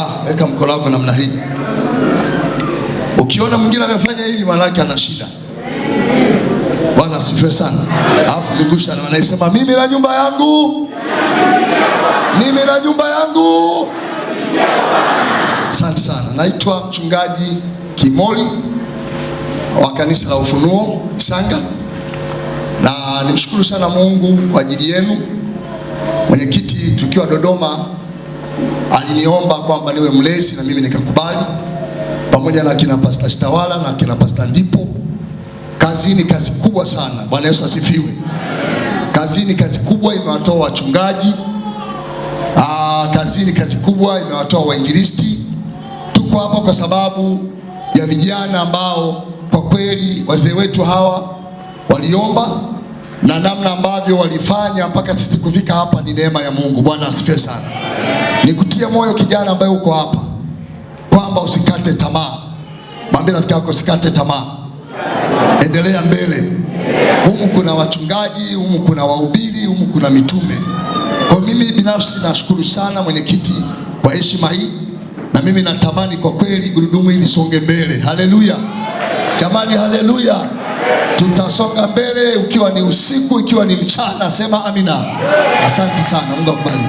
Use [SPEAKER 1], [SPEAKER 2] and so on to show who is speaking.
[SPEAKER 1] Ah, weka mkono wako namna hii. Ukiona mwingine amefanya hivi, maana yake ana shida. Bwana asifiwe sana. Alafu zungusha na anasema mimi na nyumba yangu, mimi na nyumba yangu. Asante sana. Naitwa mchungaji Kimoli wa kanisa la Ufunuo Isanga, na nimshukuru sana Mungu kwa ajili yenu. Mwenyekiti, tukiwa Dodoma aliniomba kwamba niwe mlezi na mimi nikakubali, pamoja na kina Pasta Stawala na kina Pasta Ndipo. Kazi ni kazi kubwa sana. Bwana Yesu asifiwe. Kazi ni kazi kubwa, imewatoa wachungaji. Aa, ah, kazi ni kazi kubwa, imewatoa wainjilisti. Tuko hapa kwa sababu ya vijana ambao kwa kweli wazee wetu hawa waliomba na namna ambavyo walifanya mpaka sisi kufika hapa ni neema ya Mungu. Bwana asifiwe sana. Nikutie moyo kijana ambaye uko hapa kwamba usikate tamaa. Mwambie rafiki yako usikate tamaa, endelea mbele. Humu kuna wachungaji, humu kuna wahubiri, humu kuna mitume. Kwa mimi binafsi nashukuru sana mwenyekiti kwa heshima hii, na mimi natamani kwa kweli gurudumu hili songe mbele. Haleluya jamani, haleluya! Tutasonga mbele, ukiwa ni usiku, ikiwa ni mchana, sema amina. Asante sana, Mungu akubariki.